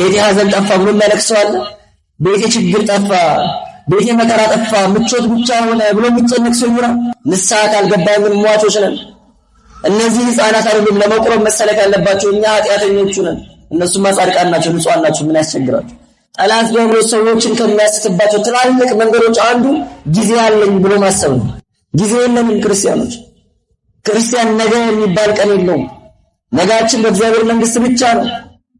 ቤቴ ሀዘን ጠፋ ብሎ የሚያለቅስ ሰው አለ? ቤቴ ችግር ጠፋ፣ ቤቴ መከራ ጠፋ፣ ምቾት ብቻ ሆነ ብሎ የሚጨነቅ ሰው ይኖራል? ንስሐ ካልገባ ግን ሟቾች ነን። እነዚህ ህፃናት አይደሉም ለመቁረብ መሰለክ ያለባቸው፣ እኛ ኃጢአተኞቹ ነን። እነሱማ ጻድቃን ናቸው፣ ናቸው። ምን ያስቸግራቸው? ጠላት ደግሞ ሰዎችን ከሚያስትባቸው ትላልቅ መንገዶች አንዱ ጊዜ አለኝ ብሎ ማሰብ ነው። ጊዜ የለንም ክርስቲያኖች። ክርስቲያን ነገ የሚባል ቀን የለውም። ነጋችን በእግዚአብሔር መንግስት ብቻ ነው።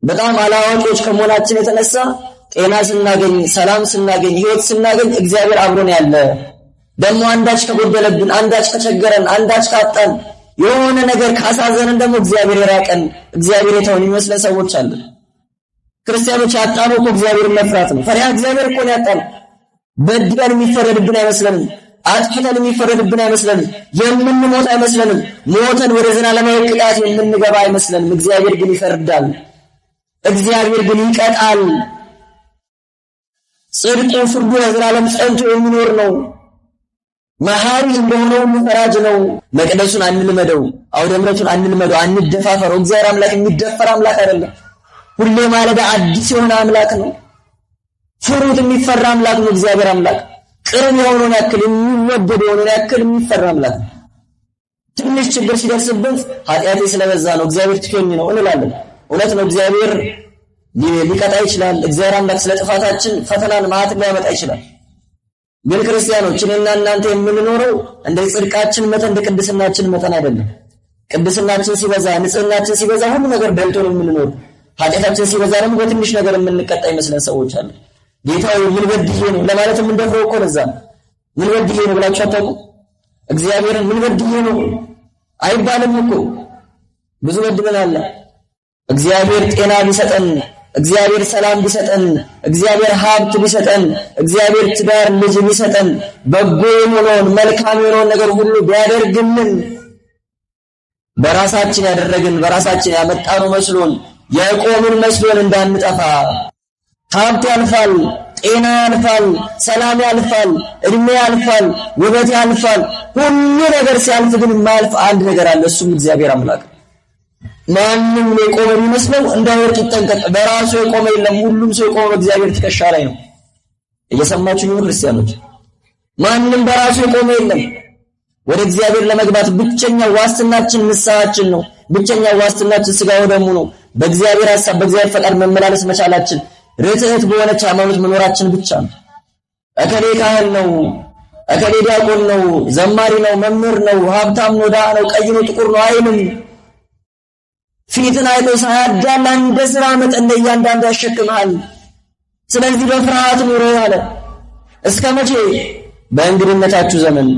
በጣም አላዋቂዎች ከመሆናችን የተነሳ ጤና ስናገኝ፣ ሰላም ስናገኝ፣ ህይወት ስናገኝ እግዚአብሔር አብሮን ያለ ደግሞ አንዳች ከጎደለብን፣ አንዳች ከቸገረን፣ አንዳች ካጣን፣ የሆነ ነገር ካሳዘንን ደግሞ እግዚአብሔር የራቀን እግዚአብሔር የተውን የሚመስለን ሰዎች አለ። ክርስቲያኖች ያጣነው እኮ እግዚአብሔርን መፍራት ነው። ፈሪሃ እግዚአብሔር እኮ ነው ያጣነው። በድለን የሚፈረድብን አይመስለንም። አጥፍተን የሚፈረድብን አይመስለንም። የምንሞት አይመስለንም። ሞተን ወደ ዘላለማዊ ቅጣት የምንገባ አይመስለንም። እግዚአብሔር ግን ይፈርዳል። እግዚአብሔር ግን ይቀጣል። ጽድቁ፣ ፍርዱ ለዘላለም ጸንቶ የሚኖር ነው። መሐሪ እንደሆነው ፈራጅ ነው። መቅደሱን አንልመደው፣ አውደ ምሕረቱን አንልመደው፣ አንደፋፈረው። እግዚአብሔር አምላክ የሚደፈር አምላክ አይደለም። ሁሌ ማለዳ አዲስ የሆነ አምላክ ነው። ፍሩት፣ የሚፈራ አምላክ ነው። እግዚአብሔር አምላክ ቅርብ የሆነውን ያክል የሚወደድ የሆነውን ያክል የሚፈራ አምላክ ነው። ትንሽ ችግር ሲደርስበት ኃጢአቴ ስለበዛ ነው እግዚአብሔር ትቶኝ ነው እንላለን። እውነት ነው። እግዚአብሔር ሊቀጣ ይችላል። እግዚአብሔር አምላክ ስለ ጥፋታችን ፈተናን መዓትን ሊያመጣ ይችላል። ግን ክርስቲያኖች፣ እኔና እናንተ የምንኖረው እንደ ጽድቃችን መጠን እንደ ቅድስናችን መጠን አይደለም። ቅድስናችን ሲበዛ፣ ንጽህናችን ሲበዛ ሁሉ ነገር ነው የምንኖር፣ ኃጢአታችን ሲበዛ ደግሞ በትንሽ ነገር የምንቀጣ ይመስለን ሰዎች አለ። ጌታ ምን በድዬ ነው ለማለት የምንደፍረው እኮ ነዛ ምን በድዬ ነው ብላችሁ አታውቁ? እግዚአብሔርን ምን በድዬ ነው አይባልም እኮ ብዙ በድለን አለ እግዚአብሔር ጤና ቢሰጠን፣ እግዚአብሔር ሰላም ቢሰጠን፣ እግዚአብሔር ሀብት ቢሰጠን፣ እግዚአብሔር ትዳር ልጅ ቢሰጠን፣ በጎ የሆነውን መልካም የሆነውን ነገር ሁሉ ቢያደርግልን በራሳችን ያደረግን በራሳችን ያመጣኑ መስሎን የቆምን መስሎን እንዳንጠፋ። ሀብት ያልፋል፣ ጤና ያልፋል፣ ሰላም ያልፋል፣ እድሜ ያልፋል፣ ውበት ያልፋል። ሁሉ ነገር ሲያልፍ ግን የማያልፍ አንድ ነገር አለ። እሱም እግዚአብሔር አምላክ ማንም የቆመ ቢመስለው እንዳይወርቅ ይጠንቀቅ። በራሱ የቆመ የለም። ሁሉም ሰው የቆመ በእግዚአብሔር ትከሻ ላይ ነው። እየሰማችሁ ሁሉ ክርስቲያኖች፣ ማንም በራሱ የቆመ የለም። ወደ እግዚአብሔር ለመግባት ብቸኛ ዋስትናችን ንስሐችን ነው። ብቸኛ ዋስትናችን ስጋው ደሙ ነው። በእግዚአብሔር ሐሳብ፣ በእግዚአብሔር ፈቃድ መመላለስ መቻላችን፣ ርትዕት በሆነች ሃይማኖት መኖራችን ብቻ ነው። እከሌ ካህን ነው፣ እከሌ ዲያቆን ነው፣ ዘማሪ ነው፣ መምህር ነው፣ ሀብታም ነው፣ ድሃ ነው፣ ቀይ ነው፣ ጥቁር ነው አይልም። ፊትን አይቶ ሳያዳላ እንደ ስራ መጠን ለእያንዳንዱ ያሸክምሃል። ስለዚህ በፍርሃት ኑሮ አለ። እስከ መቼ? በእንግድነታችሁ ዘመን።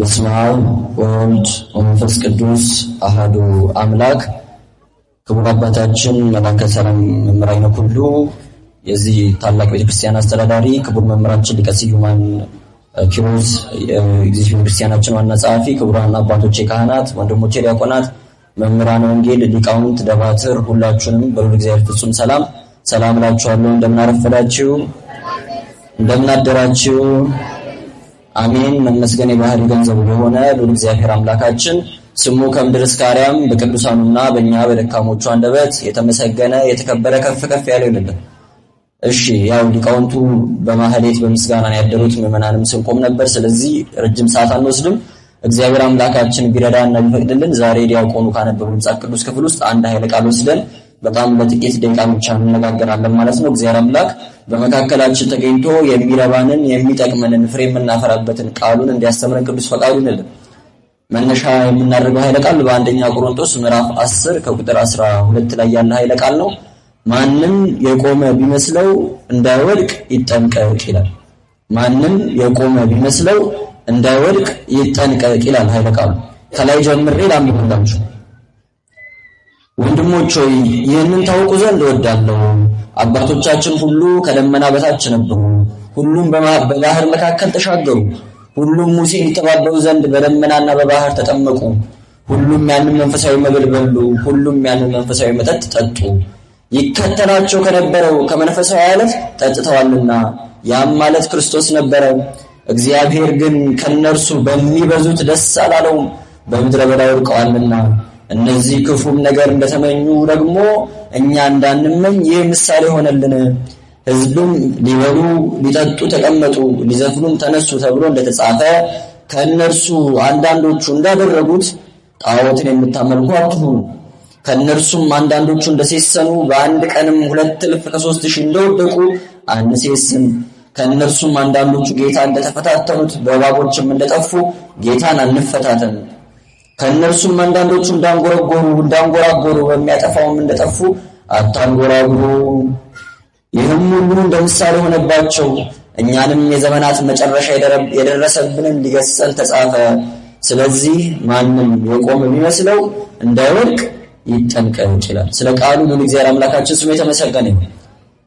በስመ አብ ወወልድ ወመንፈስ ቅዱስ አህዱ አምላክ። ክቡር አባታችን መላከ ሰላም መምህር አይነ ሁሉ የዚህ ታላቅ ቤተክርስቲያን አስተዳዳሪ፣ ክቡር መምህራችን ሊቀ ስዩማን ኪሮስ የዚህ ቤተክርስቲያናችን ዋና ጸሐፊ፣ ክቡራን አባቶቼ ካህናት፣ ወንድሞቼ ዲያቆናት መምህራን ወንጌል፣ ሊቃውንት ደባትር ሁላችሁንም በሁሉ እግዚአብሔር ፍጹም ሰላም ሰላም እላችኋለሁ። እንደምናረፈዳችሁ እንደምናደራችሁ አሜን። መመስገን የባህሪ ገንዘቡ የሆነ ሉል እግዚአብሔር አምላካችን ስሙ ከምድር እስከ አርያም በቅዱሳኑና በእኛ በደካሞቹ አንደበት የተመሰገነ የተከበረ ከፍ ከፍ ያለው ይሁንልን። እሺ ያው ሊቃውንቱ በማህሌት በምስጋና ያደሩት ምዕመናንም ስንቆም ነበር። ስለዚህ ረጅም ሰዓት አንወስድም። እግዚአብሔር አምላካችን ቢረዳና ቢፈቅድልን ዛሬ ዲያቆኑ ካነበቡ መጽሐፍ ቅዱስ ክፍል ውስጥ አንድ ኃይለ ቃል ወስደን በጣም በጥቂት ደቂቃ ብቻ እንነጋገራለን ማለት ነው። እግዚአብሔር አምላክ በመካከላችን ተገኝቶ የሚረባንን የሚጠቅመንን ፍሬ የምናፈራበትን ቃሉን እንዲያስተምረን ቅዱስ ፈቃዱ ይሁንልን። መነሻ የምናደርገው ኃይለ ቃል በአንደኛ ቆሮንቶስ ምዕራፍ 10 ከቁጥር 12 ላይ ያለ ኃይለ ቃል ነው። ማንም የቆመ ቢመስለው እንዳይወድቅ ይጠንቀቅ ይላል። ማንም የቆመ ቢመስለው እንዳይወድቅ ይጠንቀቅ ይላል ኃይለ ቃሉ። ከላይ ጀምሬ ላንብብላችሁ። ወንድሞች ሆይ ይህንን ታውቁ ዘንድ እወዳለሁ። አባቶቻችን ሁሉ ከደመና በታች ነበሩ፣ ሁሉም በባህር መካከል ተሻገሩ። ሁሉም ሙሴ ይጠባበቁ ዘንድ በደመናና በባህር ተጠመቁ። ሁሉም ያንን መንፈሳዊ መብል በሉ፣ ሁሉም ያንን መንፈሳዊ መጠጥ ጠጡ። ይከተላቸው ከነበረው ከመንፈሳዊ አለት ጠጥተዋልና፣ ያም ማለት ክርስቶስ ነበረ። እግዚአብሔር ግን ከነርሱ በሚበዙት ደስ አላለውም፣ በምድረ በዳ ወድቀዋልና። እነዚህ ክፉም ነገር እንደተመኙ ደግሞ እኛ እንዳንመኝ ይህ ምሳሌ ሆነልን። ሕዝብም ሊበሉ ሊጠጡ ተቀመጡ፣ ሊዘፍኑም ተነሱ ተብሎ እንደተጻፈ ከእነርሱ አንዳንዶቹ እንዳደረጉት ጣዖትን የምታመልኩ አትሁኑ። ከእነርሱም አንዳንዶቹ እንደሴሰኑ በአንድ ቀንም ሁለት እልፍ ከሶስት ሺህ እንደወደቁ አንሴስን። ከእነርሱም አንዳንዶቹ ጌታ እንደተፈታተኑት በእባቦችም እንደጠፉ ጌታን አንፈታተን። ከእነርሱም አንዳንዶቹ እንዳንጎረጎሩ እንዳንጎራጎሩ በሚያጠፋውም እንደጠፉ አታንጎራጉሩ። ይህም ሁሉ እንደ ምሳሌ ሆነባቸው። እኛንም የዘመናት መጨረሻ የደረሰብንን ሊገሰል ተጻፈ። ስለዚህ ማንም የቆመ ቢመስለው እንዳይወድቅ ይጠንቀቅ ይችላል። ስለ ቃሉ ምን እግዚአብሔር አምላካችን ስሙ የተመሰገነ ይሁን።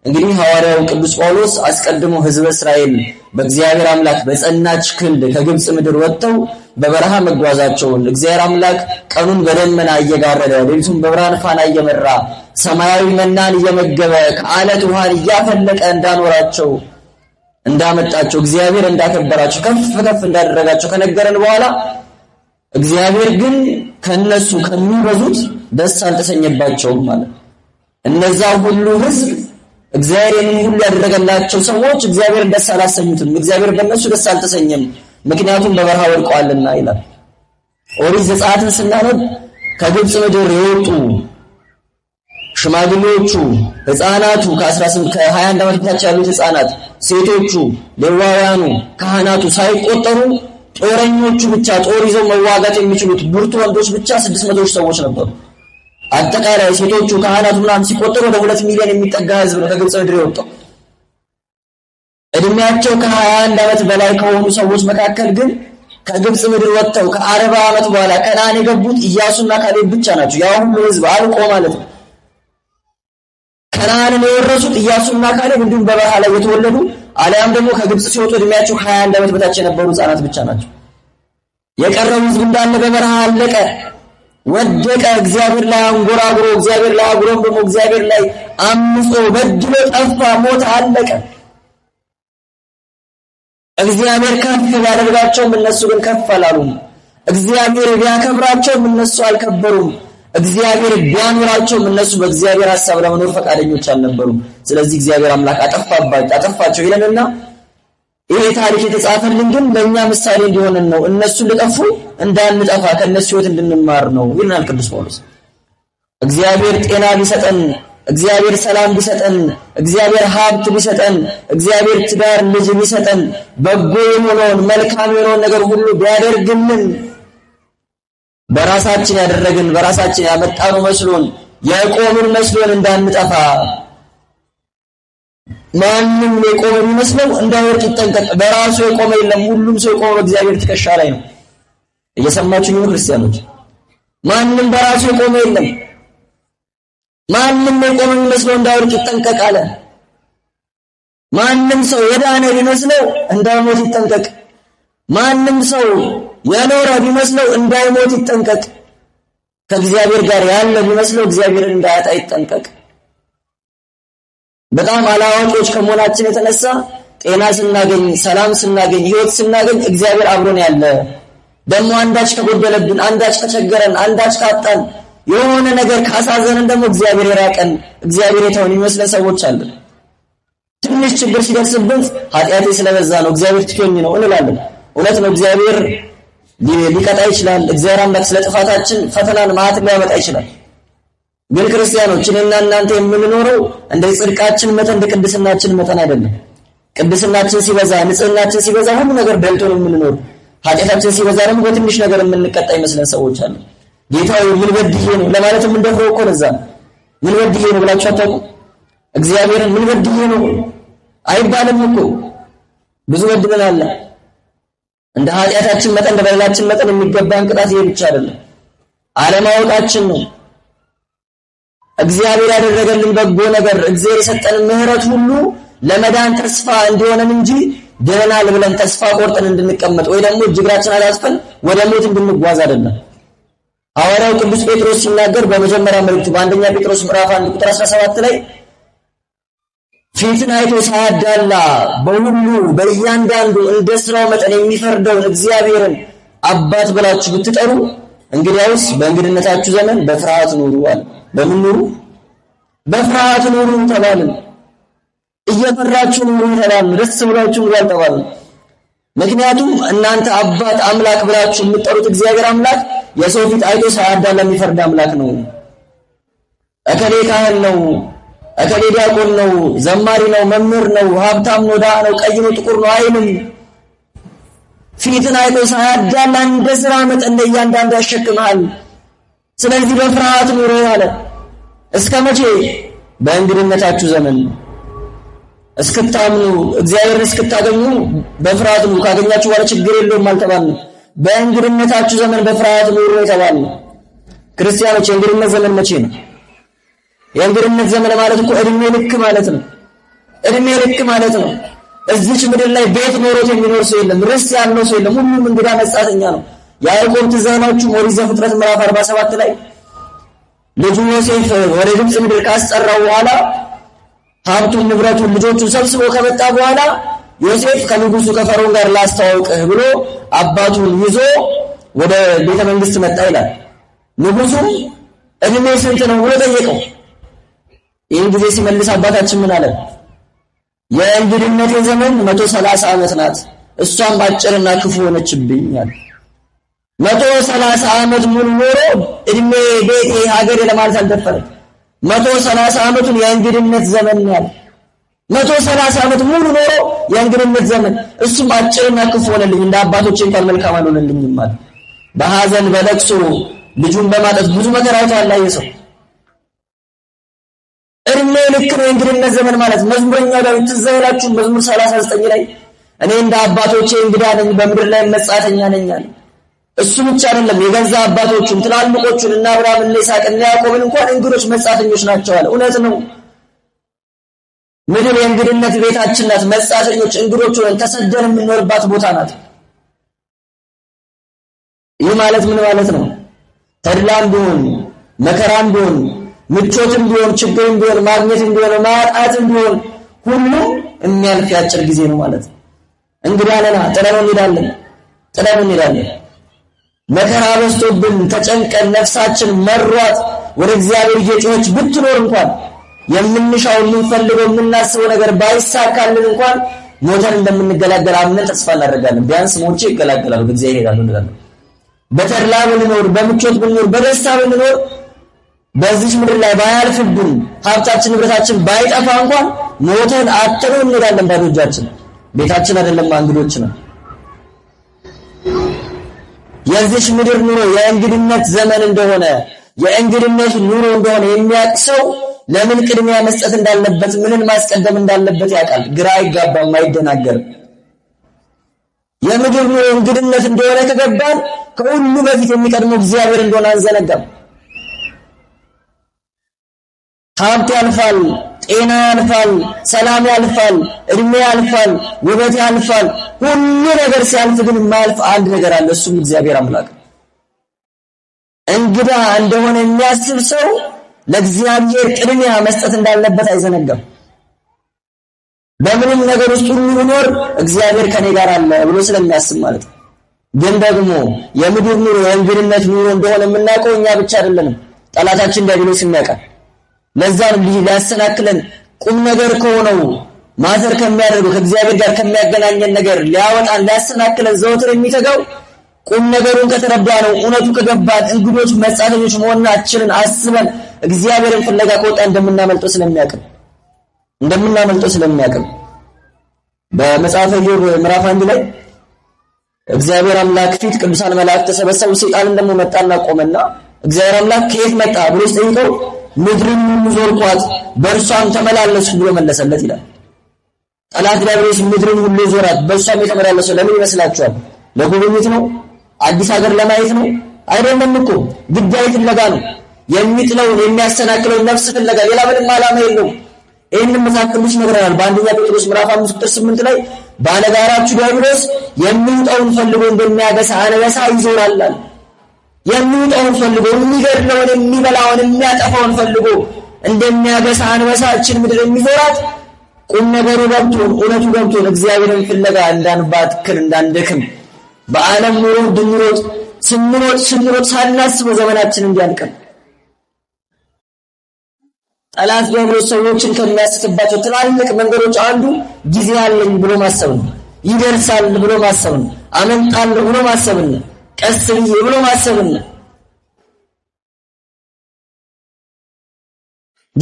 እንግዲህ ሐዋርያው ቅዱስ ጳውሎስ አስቀድሞ ሕዝበ እስራኤል በእግዚአብሔር አምላክ በጸናች ክንድ ከግብፅ ምድር ወጥተው በበረሃ መጓዛቸውን እግዚአብሔር አምላክ ቀኑን በደመና እየጋረደ ሌሊቱን በብርሃን ፋና እየመራ ሰማያዊ መናን እየመገበ ከአለት ውሃን እያፈለቀ እንዳኖራቸው እንዳመጣቸው እግዚአብሔር እንዳከበራቸው ከፍ ከፍ እንዳደረጋቸው ከነገረን በኋላ እግዚአብሔር ግን ከነሱ ከሚበዙት ደስ አልተሰኘባቸውም ማለት እነዛ ሁሉ ህዝብ እግዚአብሔርን ሁሉ ያደረገላቸው ሰዎች እግዚአብሔር ደስ አላሰኙትም፣ እግዚአብሔር በእነሱ ደስ አልተሰኘም፣ ምክንያቱም በበረሃ ወድቀዋልና ይላል። ኦሪት ዘጸአትን ስናነብ ከግብፅ ምድር የወጡ ሽማግሌዎቹ፣ ህፃናቱ ከ21 ዓመት በታች ያሉት ህፃናት፣ ሴቶቹ፣ ሌዋውያኑ፣ ካህናቱ ሳይቆጠሩ ጦረኞቹ ብቻ ጦር ይዘው መዋጋት የሚችሉት ብርቱ ወንዶች ብቻ 600 ሰዎች ነበሩ። አጠቃላይ ሴቶቹ ካህናቱ ምናምን ሲቆጠሩ ወደ ሁለት ሚሊዮን የሚጠጋ ህዝብ ነው ከግብፅ ምድር የወጣው። እድሜያቸው ከሀያ አንድ ዓመት በላይ ከሆኑ ሰዎች መካከል ግን ከግብፅ ምድር ወጥተው ከአርባ ዓመት በኋላ ከናን የገቡት ኢያሱና ካሌብ ብቻ ናቸው። ያ ሁሉ ህዝብ አልቆ ማለት ነው። ከነዓንን የወረሱት ኢያሱና ካሌብ እንዲሁም በበረሃ ላይ የተወለዱ አሊያም ደግሞ ከግብፅ ሲወጡ እድሜያቸው ከሀያ አንድ ዓመት በታች የነበሩ ህጻናት ብቻ ናቸው። የቀረው ህዝብ እንዳለ በበረሃ አለቀ። ወደቀ። እግዚአብሔር ላይ አንጎራጉሮ፣ እግዚአብሔር ላይ አጉረምርሞ፣ እግዚአብሔር ላይ አምጾ በድሎ ጠፋ። ሞት አለቀ። እግዚአብሔር ከፍ ቢያደርጋቸውም እነሱ ግን ከፍ አላሉም። እግዚአብሔር ቢያከብራቸውም እነሱ አልከበሩም። እግዚአብሔር ቢያኖራቸውም እነሱ በእግዚአብሔር ሐሳብ ለመኖር ፈቃደኞች አልነበሩም። ስለዚህ እግዚአብሔር አምላክ አጠፋባቸው አጠፋቸው ይለንና ይሄ ታሪክ የተጻፈልን ግን ለእኛ ምሳሌ እንዲሆንን ነው። እነሱ ልጠፉ እንዳንጠፋ ከእነሱ ህይወት እንድንማር ነው ይልናል ቅዱስ ጳውሎስ። እግዚአብሔር ጤና ቢሰጠን፣ እግዚአብሔር ሰላም ቢሰጠን፣ እግዚአብሔር ሀብት ቢሰጠን፣ እግዚአብሔር ትዳር፣ ልጅ ቢሰጠን፣ በጎ የሆነውን መልካም የሆነውን ነገር ሁሉ ቢያደርግልን በራሳችን ያደረግን በራሳችን ያመጣኑ መስሎን የቆምን መስሎን እንዳንጠፋ ማንም የቆመ የሚመስለው እንዳይወርቅ ይጠንቀቅ። በራሱ የቆመ የለም። ሁሉም ሰው የቆመ በእግዚአብሔር ትከሻ ላይ ነው። እየሰማችሁ ነው ክርስቲያኖች? ማንም በራሱ የቆመ የለም። ማንም የቆመ የሚመስለው እንዳይወርቅ ይጠንቀቅ አለ። ማንም ሰው የዳነ ቢመስለው እንዳይሞት ይጠንቀቅ። ማንም ሰው የኖረ ቢመስለው እንዳይሞት ይጠንቀቅ። ከእግዚአብሔር ጋር ያለ ቢመስለው እግዚአብሔርን እንዳያጣ ይጠንቀቅ። በጣም አላዋቂዎች ከመሆናችን የተነሳ ጤና ስናገኝ፣ ሰላም ስናገኝ፣ ህይወት ስናገኝ እግዚአብሔር አብሮን ያለ ደግሞ አንዳች ከጎደለብን፣ አንዳች ከቸገረን፣ አንዳች ካጣን፣ የሆነ ነገር ካሳዘንን ደግሞ እግዚአብሔር የራቀን እግዚአብሔር የተውን የሚመስለን ሰዎች አለን። ትንሽ ችግር ሲደርስብን ኃጢአቴ ስለበዛ ነው እግዚአብሔር ትቶኝ ነው እንላለን። እውነት ነው። እግዚአብሔር ሊቀጣ ይችላል። እግዚአብሔር አምላክ ስለ ጥፋታችን ፈተናን መዓት ሊያመጣ ይችላል። ግን ክርስቲያኖች እኔና እናንተ የምንኖረው እንደ ጽድቃችን መጠን እንደ ቅድስናችን መጠን አይደለም። ቅድስናችን ሲበዛ፣ ንጽህናችን ሲበዛ ሁሉ ነገር ደልቶን የምንኖር ኃጢአታችን ሲበዛ ደግሞ በትንሽ ነገር የምንቀጣ ይመስለን ሰዎች አሉ። ጌታ ምን በድዬ ነው ለማለት የምንደፍረው እኮ ነዛ። ነው። ምን በድዬ ነው ብላችሁ አታውቁም? እግዚአብሔርን ምን በድዬ ነው አይባልም እኮ ብዙ አለ። እንደ ኃጢአታችን መጠን እንደ በደላችን መጠን የሚገባን ቅጣት ይሄ ብቻ አይደለም፣ አለማወቃችን ነው እግዚአብሔር ያደረገልን በጎ ነገር እግዚአብሔር የሰጠንን ምሕረት ሁሉ ለመዳን ተስፋ እንዲሆነን እንጂ ድነናል ብለን ተስፋ ቆርጠን እንድንቀመጥ ወይ ደግሞ እጅግራችን አላስፈን ወደ ሞት እንድንጓዝ አይደለም። ሐዋርያው ቅዱስ ጴጥሮስ ሲናገር በመጀመሪያ መልእክቱ በአንደኛ ጴጥሮስ ምዕራፍ 1 ቁጥር 17 ላይ ፊትን አይቶ ሳያዳላ በሁሉ በእያንዳንዱ እንደ ስራው መጠን የሚፈርደውን እግዚአብሔርን አባት ብላችሁ ብትጠሩ እንግዲያውስ በእንግድነታችሁ ዘመን በፍርሃት ኑሩ አለ። በምን ኑሩ? በፍርሃት ኑሩ ተባልን። እየፈራችሁ ኑሩ ተባልን። ደስ ብሏችሁ ኑሩ አልተባልን። ምክንያቱም እናንተ አባት አምላክ ብላችሁ የምትጠሩት እግዚአብሔር አምላክ የሰው ፊት አይቶ ሳያዳላ የሚፈርድ አምላክ ነው። እከሌ ካህን ነው፣ እከሌ ዲያቆን ነው፣ ዘማሪ ነው፣ መምህር ነው፣ ሀብታም ነው፣ ድሃ ነው፣ ቀይ ነው፣ ጥቁር ነው አይልም። ፊትን አይቶ ሳያዳላ እንደ ስራ መጠን እንደ እያንዳንዱ ያሸክምሃል። ስለዚህ በፍርሃት ኑሮ አለ። እስከ መቼ? በእንግድነታችሁ ዘመን እስክታምኑ እግዚአብሔርን እስክታገኙ በፍርሃት ኑሩ። ካገኛችሁ በኋላ ችግር የለውም አልተባልንም። በእንግድነታችሁ ዘመን በፍርሃት ኑሮ የተባልነው ክርስቲያኖች። የእንግድነት ዘመን መቼ ነው? የእንግድነት ዘመን ማለት እኮ እድሜ ልክ ማለት ነው። እድሜ ልክ ማለት ነው። እዚች ምድር ላይ ቤት ኖሮት የሚኖር ሰው የለም። ርስት ያለው ሰው የለም። ሁሉም እንግዳ መጻተኛ ነው። ያዕቆብ ትዛናዎቹ ኦሪት ዘፍጥረት ምዕራፍ 47 ላይ ልጁ ዮሴፍ ወደ ግብፅ ምድር ካስጠራው በኋላ ሀብቱን፣ ንብረቱን፣ ልጆቹን ሰብስቦ ከመጣ በኋላ ዮሴፍ ከንጉሱ ከፈርዖን ጋር ላስተዋውቅህ ብሎ አባቱን ይዞ ወደ ቤተ መንግስት መጣ ይላል። ንጉሱም እድሜ ስንት ነው ብሎ ጠየቀው። ይህን ጊዜ ሲመልስ አባታችን ምን አለ? የእንግድነት ዘመን መቶ ሰላሳ ዓመት ናት፣ እሷም አጭርና ክፉ ሆነችብኝ አለ። መቶ ሰላሳ ዓመት ሙሉ ኖሮ እድሜ ቤቴ ሀገሬ ለማለት አልደፈረም። መቶ ሰላሳ ዓመቱን የእንግድነት ዘመን ያለ መቶ ሰላሳ ዓመት ሙሉ ኖሮ የእንግድነት ዘመን እሱም አጭርና ክፉ ሆነልኝ፣ እንደ አባቶችን እንኳን መልካም አልሆነልኝም ማለት በሐዘን በለቅሶ ልጁን በማጣት ብዙ መከራ አይቷል። የሰው እድሜ ልክ ነው የእንግድነት ዘመን ማለት። መዝሙረኛው ዳዊት ትዝ ይላችሁ መዝሙር 39 ላይ እኔ እንደ አባቶቼ እንግዳ ነኝ፣ በምድር ላይ መጻተኛ ነኝ አለ። እሱ ብቻ አይደለም፣ የገዛ አባቶቹን ትላልቆቹን እና አብርሃም እና ይስሐቅ እና ያዕቆብን እንኳን እንግዶች መጻተኞች አለ። እውነት ነው። ምድር የእንግድነት ቤታችን ናት። መጻተኞች፣ እንግዶች ሆነን ተሰደን የምንኖርባት ቦታ ናት። ይህ ማለት ምን ማለት ነው? ተድላም ቢሆን መከራም ቢሆን ምቾትም ቢሆን ችግርም ቢሆን ማግኘትም ቢሆን ማጣትም ቢሆን ሁሉም የሚያልፍ ያጭር ጊዜ ነው ማለት ነው። እንግዳ ነና ጥለነው እንሄዳለን፣ ጥለነው እንሄዳለን። መከራ በዝቶብን ተጨንቀን ነፍሳችን መሯት ወደ እግዚአብሔር እየጮኸች ብትኖር እንኳን የምንሻው የምንፈልገው የምናስበው ነገር ባይሳካልን እንኳን ሞተን እንደምንገላገል አምነን ተስፋ እናደርጋለን። ቢያንስ ሞቼ ይገላገላሉ በእግዚአብሔር ይሄዳሉ እንላለን። በተድላ ብንኖር፣ በምቾት ብንኖር፣ በደስታ ብንኖር በዚች ምድር ላይ ባያልፍብን ሀብታችን ንብረታችን ባይጠፋ እንኳን ሞተን አጥተን እንሄዳለን ባዶ እጃችን። ቤታችን አይደለም እንግዶች ነው። የዚች ምድር ኑሮ የእንግድነት ዘመን እንደሆነ የእንግድነት ኑሮ እንደሆነ የሚያውቅ ሰው ለምን ቅድሚያ መስጠት እንዳለበት ምንን ማስቀደም እንዳለበት ያውቃል። ግራ አይጋባም፣ አይደናገርም። የምድር ኑሮ እንግድነት እንደሆነ ከገባን ከሁሉ በፊት የሚቀድመው እግዚአብሔር እንደሆነ አንዘነጋም። ሀብት ያልፋል። ጤና ያልፋል፣ ሰላም ያልፋል፣ እድሜ ያልፋል፣ ውበት ያልፋል። ሁሉ ነገር ሲያልፍ ግን የማያልፍ አንድ ነገር አለ። እሱም እግዚአብሔር አምላክ እንግዳ እንደሆነ የሚያስብ ሰው ለእግዚአብሔር ቅድሚያ መስጠት እንዳለበት አይዘነጋም። በምንም ነገር ውስጥ ሁሉ እግዚአብሔር ከኔ ጋር አለ ብሎ ስለሚያስብ ማለት ነው። ግን ደግሞ የምድር ኑሮ የእንግድነት ኑሮ እንደሆነ የምናውቀው እኛ ብቻ አይደለንም። ጠላታችን ዲያብሎስ የሚያውቃል። ለዛ ነው ልጅ ሊያሰናክለን ቁም ነገር ከሆነው ማዘር ከሚያደርገው ከእግዚአብሔር ጋር ከሚያገናኘን ነገር ሊያወጣን ሊያሰናክለን ዘወትር የሚተጋው ቁም ነገሩን ከተረዳ ነው። እውነቱ ከገባን እንግዶች መጻተኞች መሆናችንን አስበን እግዚአብሔርን ፍለጋ ከወጣ እንደምናመልጠው ስለሚያቅም እንደምናመልጠው ስለሚያቅም በመጽሐፈ ኢዮብ ምዕራፍ አንድ ላይ እግዚአብሔር አምላክ ፊት ቅዱሳን መላእክት ተሰበሰቡ። ሰይጣንም ደግሞ መጣና ቆመና እግዚአብሔር አምላክ ከየት መጣ ብሎ ሲጠይቀው ምድርን ሁሉ ዞርኳት በእርሷም ተመላለስኩ ብሎ መለሰለት ይላል። ጠላት ዲያብሎስ ምድርን ሁሉ ዞራት በእርሷም የተመላለሰው ለምን ይመስላችኋል? ለጉብኝት ነው? አዲስ ሀገር ለማየት ነው? አይደለም እኮ ግዳይት ፍለጋ ነው። የሚጥለውን የሚያስተናክለው ነፍስ ፍለጋ፣ ሌላ ምንም ዓላማ የለው ይህንን መጽሐፍ ቅዱስ ይነግረናል። በአንደኛ ጴጥሮስ ምዕራፍ አምስት ቁጥር ስምንት ላይ ባለጋራችሁ ዲያብሎስ የሚውጠውን ፈልጎ እንደሚያገሳ አነበሳ ይዞራል። የሚውጠውን ፈልጎ የሚገድለውን የሚበላውን የሚያጠፋውን ፈልጎ እንደሚያገሳ አንበሳችን ምድር የሚዞራት ቁም ነገሩ ገብቶን እውነቱ ገብቶን እግዚአብሔርን ፍለጋ እንዳንባክን እንዳንደክም በዓለም ኑሮ ድንሮጥ ስንሮጥ ስንሮጥ ሳናስበው ዘመናችን እንዲያልቅም ጠላት ዲያብሎስ ሰዎችን ከሚያስትባቸው ትላልቅ መንገዶች አንዱ ጊዜ አለኝ ብሎ ማሰብ ነው። ይደርሳል ብሎ ማሰብ ነው። አመልጣለሁ ብሎ ማሰብ ነው። ቀስ ብዬ ብሎ ማሰብና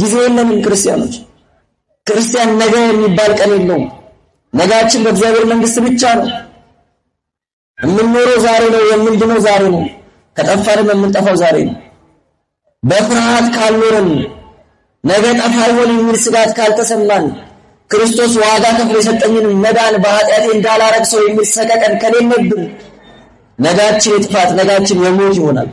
ጊዜ የለንም ክርስቲያኖች። ክርስቲያን ነገ የሚባል ቀን የለውም። ነጋችን በእግዚአብሔር መንግስት ብቻ ነው። የምንኖረው ዛሬ ነው። የምንድነው ዛሬ ነው። ከጠፋንም የምንጠፋው ዛሬ ነው። በፍርሃት ካልኖረን፣ ነገ ጠፋ ይሆን የሚል ስጋት ካልተሰማን፣ ክርስቶስ ዋጋ ከፍሎ የሰጠኝን መዳን በኃጢአቴ እንዳላረግ ሰው የሚል ሰቀቀን ከሌለብን ነጋችን የጥፋት ነጋችን የሞት ይሆናል።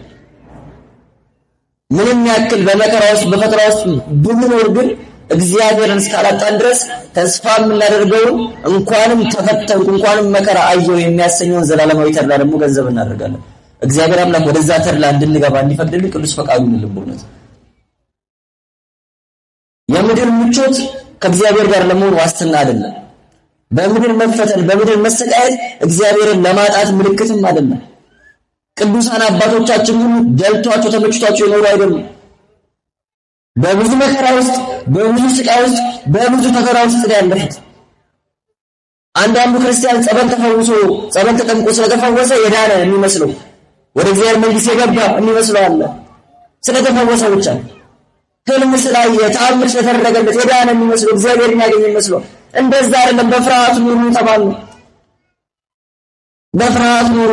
ምንም ያክል በመከራ ውስጥ በፈተና ውስጥ ብንኖር ግን እግዚአብሔርን እስካላጣን ድረስ ተስፋ የምናደርገውን እንኳንም ተፈተንኩ እንኳንም መከራ አየው የሚያሰኘውን ዘላለማዊ ተድላ ደግሞ ገንዘብ እናደርጋለን። እግዚአብሔር አምላክ ወደዛ ተድላ እንድንገባ እንዲፈቅድልን ቅዱስ ፈቃዱ ልቦነት የምድር ምቾት ከእግዚአብሔር ጋር ለመሆን ዋስትና አይደለም። በምድር መፈተን በምድር መሰቃየት እግዚአብሔርን ለማጣት ምልክትም አይደለም። ቅዱሳን አባቶቻችን ሁሉ ደልቷቸው ተመችቷቸው የኖሩ አይደሉም። በብዙ መከራ ውስጥ፣ በብዙ ስቃይ ውስጥ፣ በብዙ ተፈራ ውስጥ ነው ያለፉት። አንዳንዱ ክርስቲያን ጸበል ተፈውሶ ጸበል ተጠምቆ ስለተፈወሰ የዳነ የሚመስለው ወደ እግዚአብሔር መንግሥት የገባ የሚመስለው አለ። ስለተፈወሰ ብቻ ህልም ስላየ ተአምር ስለተደረገለት የዳነ የሚመስለው እግዚአብሔር የሚያገኝ የሚመስለው እንደዛ አይደለም። በፍርሃት ኑሩ ተባሉ። በፍርሃት ኑሩ።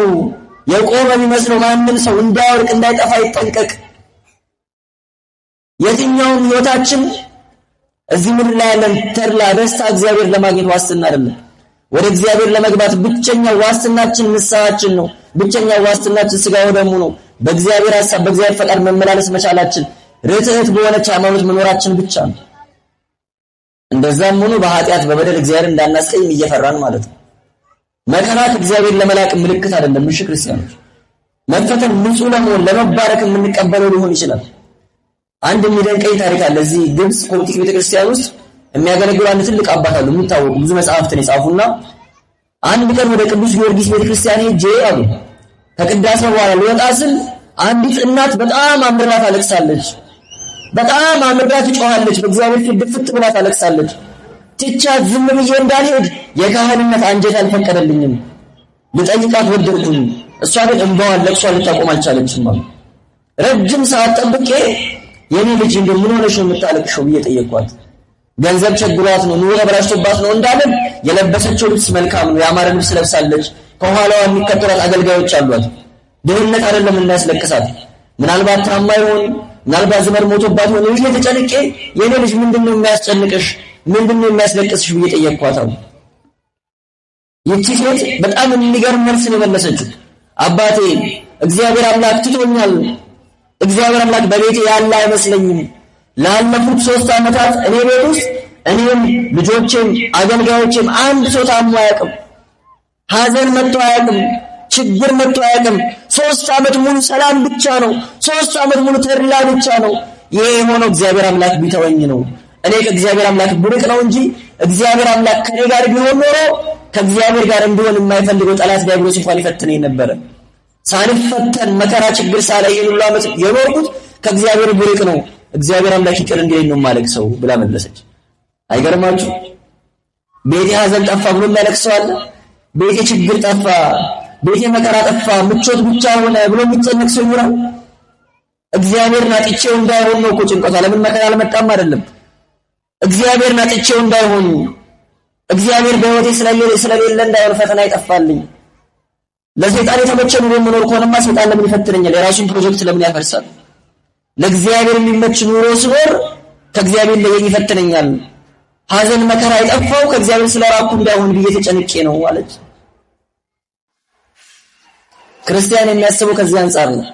የቆመ የሚመስለው ማንም ሰው እንዳወርቅ እንዳይጠፋ ይጠንቀቅ። የትኛውም ህይወታችን እዚህ ምድር ላይ ያለን ተድላ ደስታ እግዚአብሔር ለማግኘት ዋስትና አይደለም። ወደ እግዚአብሔር ለመግባት ብቸኛው ዋስትናችን ንስሐችን ነው። ብቸኛ ዋስትናችን ስጋው ደሙ ነው። በእግዚአብሔር ሐሳብ በእግዚአብሔር ፈቃድ መመላለስ መቻላችን ርትዕት በሆነች ሃይማኖት መኖራችን ብቻ ነው። እንደዛም ሆኖ በኃጢአት በበደል እግዚአብሔር እንዳናስቀይም እየፈራን ማለት ነው። መከራት እግዚአብሔር ለመላቅ ምልክት አይደለም። እሺ ክርስቲያኖች፣ መፈተን ንጹህ ለመሆን ለመባረክ የምንቀበለው ሊሆን ይችላል። አንድ የሚደንቀኝ ታሪክ አለ። እዚህ ግብፅ ኮፕቲክ ቤተክርስቲያን ውስጥ የሚያገለግሉ አንድ ትልቅ አባት አሉ፣ የሚታወቁ ብዙ መጽሐፍትን የጻፉና አንድ ቀን ወደ ቅዱስ ጊዮርጊስ ቤተክርስቲያን ሄጄ አሉ ከቅዳሴ በኋላ ልወጣ ስል አንዲት እናት በጣም አምርራ ታለቅሳለች። በጣም አምርራ ትጮኻለች፣ በእግዚአብሔር ፊት ድፍት ብላ ታለቅሳለች። ትቻት ዝም ብዬ እንዳልሄድ የካህንነት አንጀት አልፈቀደልኝም። ልጠይቃት ወደድኩኝ፣ እሷ ግን እንባዋን ለቅሷ ልታቆም አልቻለችም። ረጅም ሰዓት ጠብቄ የኔ ልጅ እንደ ምን ሆነሽ ነው የምታለቅሽው ብዬ ጠየቅኳት። ገንዘብ ቸግሯት ነው ኑሮ ተበላሽቶባት ነው እንዳለን፣ የለበሰችው ልብስ መልካም ነው፣ ያማረ ልብስ ለብሳለች። ከኋላዋ የሚከተሏት አገልጋዮች አሏት። ድህነት አይደለም እናያስለቅሳት ምናልባት ታማ ይሆን ምናልባት ዘመድ ሞቶባት ሆነ ብዬ ተጨንቄ የእኔ ልጅ ምንድነው የሚያስጨንቅሽ ምንድነው የሚያስለቅስሽ ብዬ ጠየቅኳታው። ይቺ ሴት በጣም የሚገርም መልስ ነው የመለሰችው። አባቴ እግዚአብሔር አምላክ ትቶኛል። እግዚአብሔር አምላክ በቤቴ ያለ አይመስለኝም። ላለፉት ሶስት ዓመታት እኔ ቤት ውስጥ እኔም ልጆቼም አገልጋዮቼም አንድ ሰው ታሞ አያውቅም። ሀዘን መጥቶ አያውቅም። ችግር መጥቶ አያውቅም። ሶስት ዓመት ሙሉ ሰላም ብቻ ነው። ሶስት ዓመት ሙሉ ተድላ ብቻ ነው። ይሄ የሆነው እግዚአብሔር አምላክ ቢተወኝ ነው። እኔ ከእግዚአብሔር አምላክ ብርቅ ነው እንጂ እግዚአብሔር አምላክ ከኔ ጋር ቢሆን ኖሮ ከእግዚአብሔር ጋር እንዲሆን የማይፈልገው ጠላት ዲያብሎስ እንኳን ይፈትነኝ ነበረ። ሳንፈተን መከራ ችግር ሳላይ ሁሉ ዓመት የኖርኩት ከእግዚአብሔር ብርቅ ነው። እግዚአብሔር አምላክ ይቅር እንዲለኝ ነው ማለቅ ሰው ብላ መለሰች። አይገርማችሁ? ቤቴ ሀዘን ጠፋ ብሎ የሚያለቅሰው አለ። ቤቴ ችግር ጠፋ ቤቴ መከራ ጠፋ፣ ምቾት ብቻ ሆነ ብሎ የሚጨነቅ ሰው ይኖራል? እግዚአብሔር ናጥቼው እንዳይሆን ነው እኮ ጭንቀቷ። ለምን መከራ አልመጣም አይደለም። እግዚአብሔር ናጥቼው እንዳይሆን፣ እግዚአብሔር በህይወቴ ስለሌለ እንዳይሆን ፈተና ይጠፋልኝ። ለሰይጣን የተመቸ ኑሮ የምኖር ከሆነማ ሰይጣን ለምን ይፈትነኛል? የራሱን ፕሮጀክት ለምን ያፈርሳል? ለእግዚአብሔር የሚመች ኑሮ ስኖር ከእግዚአብሔር ለየኝ ይፈትነኛል። ሀዘን መከራ የጠፋው ከእግዚአብሔር ስለራኩ እንዳይሆን ብዬ ተጨንቄ ነው አለች። ክርስቲያን የሚያስበው ከዚህ አንጻር ነው።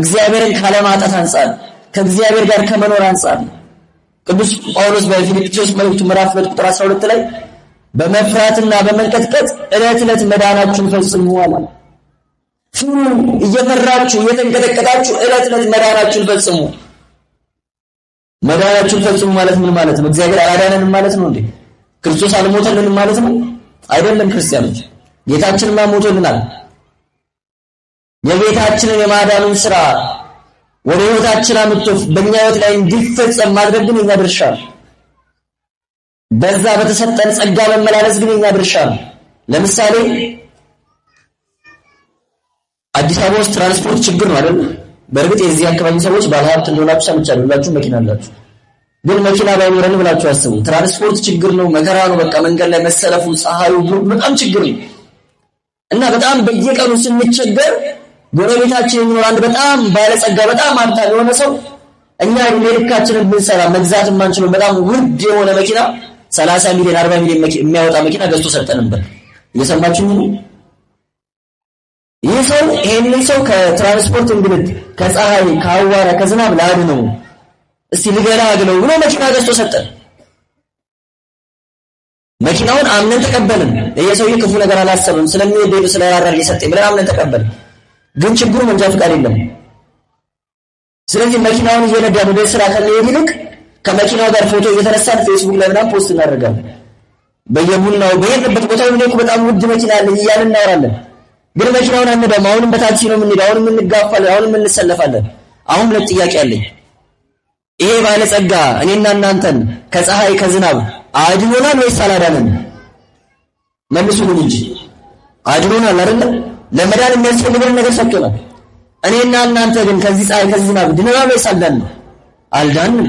እግዚአብሔርን ካለማጣት አንጻር፣ ከእግዚአብሔር ጋር ከመኖር አንጻር ነው። ቅዱስ ጳውሎስ በፊልጵስዩስ መልእክቱ ምዕራፍ 2 ቁጥር 12 ላይ በመፍራትና በመንቀጥቀጥ ዕለት ዕለት መዳናችሁን ፈጽሙ አለ። ፍሩ፣ እየፈራችሁ እየተንቀጠቀጣችሁ ዕለት ዕለት መዳናችሁን ፈጽሙ። መዳናችሁን ፈጽሙ ማለት ምን ማለት ነው? እግዚአብሔር አላዳነንም ማለት ነው እንዴ? ክርስቶስ አልሞተልንም ማለት ነው አይደለም። ክርስቲያኖች ጌታችንማ ሞቶልናል። የጌታችንን የማዳኑን ስራ ወደ ህይወታችን አምጥቶ በእኛ ህይወት ላይ እንዲፈጸም ማድረግ ግን የኛ ድርሻ ነው። በዛ በተሰጠን ጸጋ መመላለስ ግን የኛ ድርሻ ነው። ለምሳሌ አዲስ አበባ ውስጥ ትራንስፖርት ችግር ነው አይደል? በእርግጥ የዚህ አካባቢ ሰዎች ባለሀብት እንደሆናችሁ ሰምቻለሁ። ሁላችሁ መኪና አላችሁ። ግን መኪና ባይኖረን ብላችሁ አስቡ። ትራንስፖርት ችግር ነው፣ መከራ ነው። በቃ መንገድ ላይ መሰለፉ፣ ፀሐዩ በጣም ችግር ነው እና በጣም በየቀኑ ስንቸገር ጎረቤታችን የሚኖር አንድ በጣም ባለጸጋ በጣም ሀብታም የሆነ ሰው እኛ እድሜ ልካችንን ብንሰራ መግዛት የማንችለው በጣም ውድ የሆነ መኪና ሰላሳ ሚሊዮን አርባ ሚሊዮን የሚያወጣ መኪና ገዝቶ ሰጠን ነበር። እየሰማችሁ ነው። ይህ ሰው ሰው ከትራንስፖርት እንግልት፣ ከፀሐይ፣ ከአዋራ፣ ከዝናብ ላድ ነው እስቲ ልገና አግለው ብሎ መኪና ገዝቶ ሰጠን። መኪናውን አምነን ተቀበልን። ይሄ ክፉ ነገር አላሰብም ስለሚወደዱ ስለራራ ሊሰጥ ብለን አምነን ተቀበልን። ግን ችግሩ መንጃ ፍቃድ የለም። ስለዚህ መኪናውን እየነዳን ወደ ስራ ከመሄድ ይልቅ ከመኪናው ጋር ፎቶ እየተነሳን ፌስቡክ ላይ ምናምን ፖስት እናደርጋለን። በየቡናው በሄድንበት ቦታ ምን በጣም ውድ መኪና አለ እያልን እናወራለን። ግን መኪናውን አንዳም አሁንም በታክሲ ነው የምንሄደው፣ አሁንም እንጋፋለን፣ አሁንም እንሰለፋለን። አሁን ሁለት ጥያቄ አለኝ። ይሄ ባለጸጋ እኔና እናንተን ከፀሐይ ከዝናብ አድኖናል ወይስ አላዳነን? መልሱልን እንጂ አድኖናል አይደለም? ለመዳን የሚያስፈልገን ነገር ሰጥቶናል። እኔና እናንተ ግን ከዚህ ፀሐይ ከዚህ ዝናብ ድነናል ወይስ አልዳንም? አልዳንም።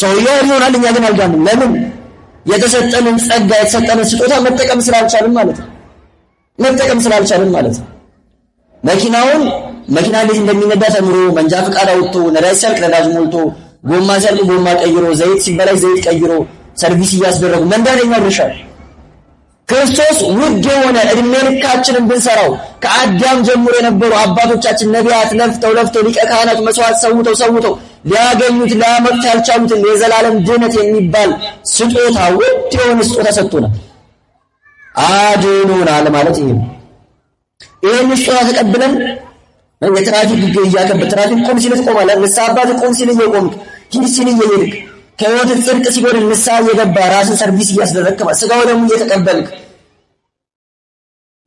ሰውየው ይሆናል፣ እኛ ግን አልዳንም። ለምን? የተሰጠንን ጸጋ የተሰጠንን ስጦታ መጠቀም ስላልቻልን ማለት ነው። መጠቀም ስላልቻልን ማለት ነው። መኪናውን መኪና እንዴት እንደሚነዳ ተምሮ መንጃ ፈቃድ አውጥቶ ነዳጅ ሲያልቅ ነዳጅ ሞልቶ ጎማ ሲያልቅ ጎማ ቀይሮ ዘይት ሲበላሽ ዘይት ቀይሮ ሰርቪስ እያስደረጉ መንዳደኛ ድርሻል ክርስቶስ ውድ የሆነ እድሜ ልካችንን ብንሰራው ከአዳም ጀምሮ የነበሩ አባቶቻችን ነቢያት ለፍተው ለፍተው ሊቀ ካህናት መስዋዕት ሰውተው ሰውተው ሊያገኙት ሊያመጡት ያልቻሉትን የዘላለም ድህነት የሚባል ስጦታ ውድ የሆነ ስጦታ ሰጥቶናል። አድኖናል ማለት ይሄ ነው። ይህን ስጦታ ተቀብለን የትራፊክ ህግ እያከበ ትራፊክ ቆም ሲል ትቆማለህ። ንስሓ አባት ቆም ሲል እየቆምክ ሂድ ሲል እየሄድክ ህይወትህ ጽድቅ ሲጎድል ንሳ እየገባ ራስን ሰርቪስ እያስደረግክ ስጋው ደግሞ እየተቀበልክ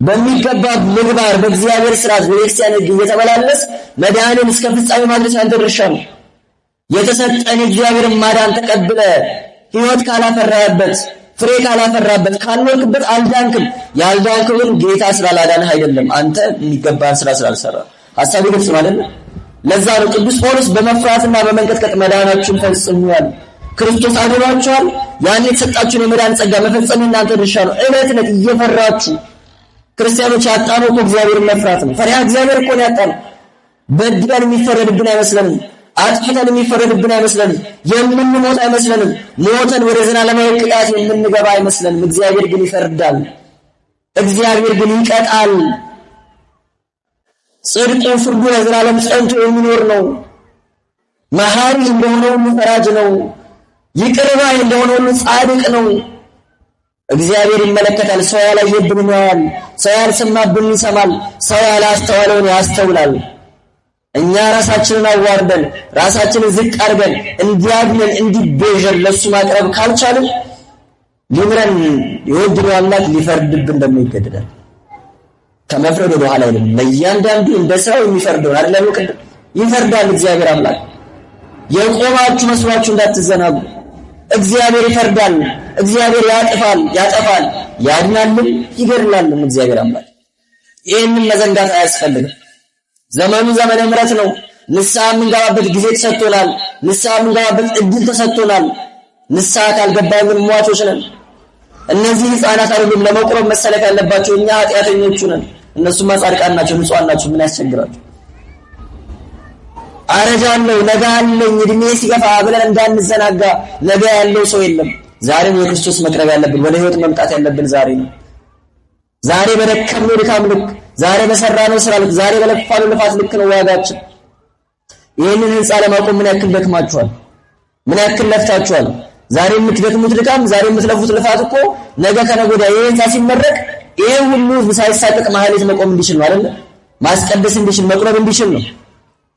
በሚገባ ምግባር በእግዚአብሔር ስርዓት በቤተክርስቲያን ህግ እየተመላለስ መድኃኒን እስከ ፍጻሜ ማድረስ ያንተ ድርሻ ነው። የተሰጠን እግዚአብሔርን ማዳን ተቀብለ ህይወት ካላፈራበት ፍሬ ካላፈራበት ካልኖርክበት አልዳንክም። ያልዳንክው ግን ጌታ ስላላዳንህ አይደለም፣ አንተ የሚገባህን ስራ ስላልሰራ። ሀሳቤ ግልጽ ማለት ነው። ለዛ ነው ቅዱስ ጳውሎስ በመፍራትና በመንቀጥቀጥ መዳናችሁን ፈጽሙ ያለው። ክርስቶስ አድኗችኋል። ያን የተሰጣችሁን የመዳን ጸጋ መፈጸም እናንተ ድርሻ ነው። እለት እለት እየፈራችሁ ክርስቲያኖች ያጣነው እኮ እግዚአብሔር መፍራት ነው። ፈሪሃ እግዚአብሔር እኮ ነው ያጣነው። በድለን የሚፈረድብን አይመስለንም። አጥፍተን የሚፈረድብን አይመስለንም። የምንሞት አይመስለንም። ሞተን ወደ ዘላለማዊ ቅጣት የምንገባ አይመስለንም። እግዚአብሔር ግን ይፈርዳል። እግዚአብሔር ግን ይቀጣል። ጽድቁ፣ ፍርዱ ለዘላለም ጸንቶ የሚኖር ነው። መሐሪ እንደሆነው ፈራጅ ነው። ይቅርባ እንደሆነ ሁሉ ጻድቅ ነው። እግዚአብሔር ይመለከታል። ሰው ያላየብንን ያያል፣ ሰው ያልሰማብንን ይሰማል፣ ሰው ያላስተዋለውን ያስተውላል። እኛ ራሳችንን አዋርደን ራሳችንን ዝቅ አድርገን እንዲያድነን እንዲቤዠን ለሱ ማቅረብ ካልቻልን ሊምረን የወድነው አምላክ ሊፈርድብን ደግሞ ይገደዳል። ከመፍረድ ወደ ኋላ አይልም። ለእያንዳንዱ እንደ ስራው የሚፈርደውን አይደለም ይፈርዳል እግዚአብሔር አምላክ። የቆማችሁ መስሏችሁ እንዳትዘናጉ እግዚአብሔር ይፈርዳል፣ እግዚአብሔር ያጥፋል፣ ያጠፋል፣ ያድናልም ይገድላልም እግዚአብሔር አምላክ። ይህንን መዘንጋት አያስፈልግም። ዘመኑ ዘመነ ምሕረት ነው። ንስሐ የምንገባበት ጊዜ ተሰጥቶናል። ንስሐ የምንገባበት እድል ተሰጥቶናል። ንስሐ ካልገባን ግን ሟቾች ነን። እነዚህ ህፃናት አይደሉም ለመቁረብ መሰለፍ ያለባቸው፣ እኛ ኃጢአተኞቹ ነን። እነሱማ ጻድቃን ናቸው፣ ንጹሐን ናቸው። ምን ያስቸግራቸው? አረጃለሁ ነገ አለኝ እድሜ ሲገፋ ብለን እንዳንዘናጋ ነገ ያለው ሰው የለም። ዛሬ ወደ ክርስቶስ መቅረብ ያለብን ወደ ህይወት መምጣት ያለብን ዛሬ ነው። ዛሬ በደከምነው ድካም ልክ፣ ዛሬ በሰራነው ስራ ልክ፣ ዛሬ በለፋነው ልፋት ልክ ነው ዋጋችን። ይህንን ህንፃ ለማቆም ምን ያክል ደክማችኋል? ምን ያክል ለፍታችኋል? ዛሬ የምትደክሙት ድካም፣ ዛሬ የምትለፉት ልፋት እኮ ነገ ከነገ ወዲያ ይህ ህንፃ ሲመረቅ ይህ ሁሉ ሳይሳቀቅ መሀሌት መቆም እንዲችል ነው አይደለ? ማስቀደስ እንዲችል መቁረብ እንዲችል ነው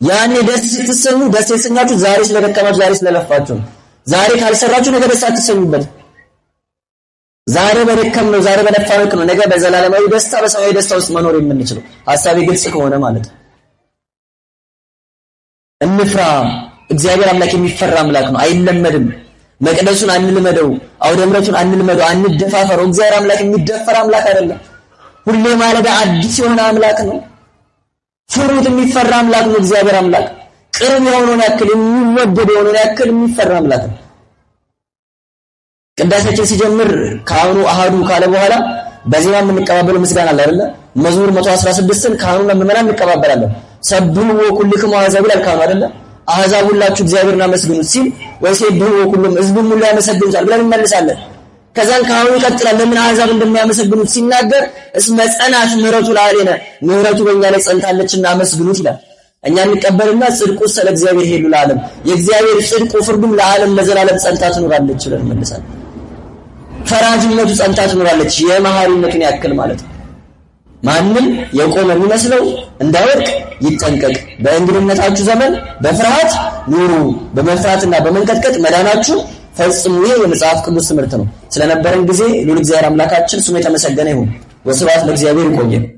ያኔ ደስ ስትሰኙ ደስ የተሰኛችሁ ዛሬ ስለደከማችሁ፣ ዛሬ ስለለፋችሁ፣ ዛሬ ካልሰራችሁ ነገ ደስ አትሰኙበት። ዛሬ በደከም ነው፣ ዛሬ በለፋ ነው ነገ በዘላለማዊ ደስታ በሰማያዊ ደስታ ውስጥ መኖር የምንችለው ሀሳቤ ግልጽ ከሆነ ማለት ነው። እንፍራ። እግዚአብሔር አምላክ የሚፈራ አምላክ ነው፣ አይለመድም። መቅደሱን አንልመደው፣ አውደ ምረቱን አንልመደው፣ አንደፋፈረው። እግዚአብሔር አምላክ የሚደፈር አምላክ አይደለም። ሁሌ ማለዳ አዲስ የሆነ አምላክ ነው። ፍሩት። የሚፈራ አምላክ ነው እግዚአብሔር አምላክ ቅርብ የሆነውን ያክል የሚወደድ የሆነውን ያክል የሚፈራ አምላክ ነው። ቅዳሴያችን ሲጀምር ካህኑ አሃዱ ካለ በኋላ በዜማ የምንቀባበለው ምስጋና አለ አይደለ? መዝሙር 116ን ካህኑና ምዕመናን እንቀባበላለን። ሰብሑ ወኩልክሙ አሕዛብ ይላል ካህኑ አይደለ? አሕዛብ ሁላችሁ እግዚአብሔርን አመስግኑት ሲል ወይ ሰብሑ ወኩሉም ህዝቡ ሁሉ ያመሰግኑታል ብለን እንመልሳለን። ከዛን ካሁን ይቀጥላል። ለምን አሕዛብ እንደሚያመሰግኑት ሲናገር እስመ ጸናት ምሕረቱ ለአሌነ ምሕረቱ በእኛ ላይ ጸንታለችና አመስግኑት ይላል። እኛ እንቀበልና ጽድቁ ስለ እግዚአብሔር ሄዱ ለዓለም የእግዚአብሔር ጽድቁ ፍርዱም ለዓለም ለዘላለም ጸንታ ትኖራለች ብለን መልሳል። ፈራጅነቱ ጸንታ ትኖራለች የመሐሪነቱን ያክል ማለት ነው። ማንም የቆመ የሚመስለው እንዳይወድቅ ይጠንቀቅ። በእንግድነታችሁ ዘመን በፍርሃት ኑሩ፣ በመፍራትና በመንቀጥቀጥ መዳናችሁ ፈጽሙ የመጽሐፍ ቅዱስ ትምህርት ነው። ስለነበረን ጊዜ ልዑል እግዚአብሔር አምላካችን ስሙ የተመሰገነ ይሁን። ወስብሐት ለእግዚአብሔር። ይቆየን።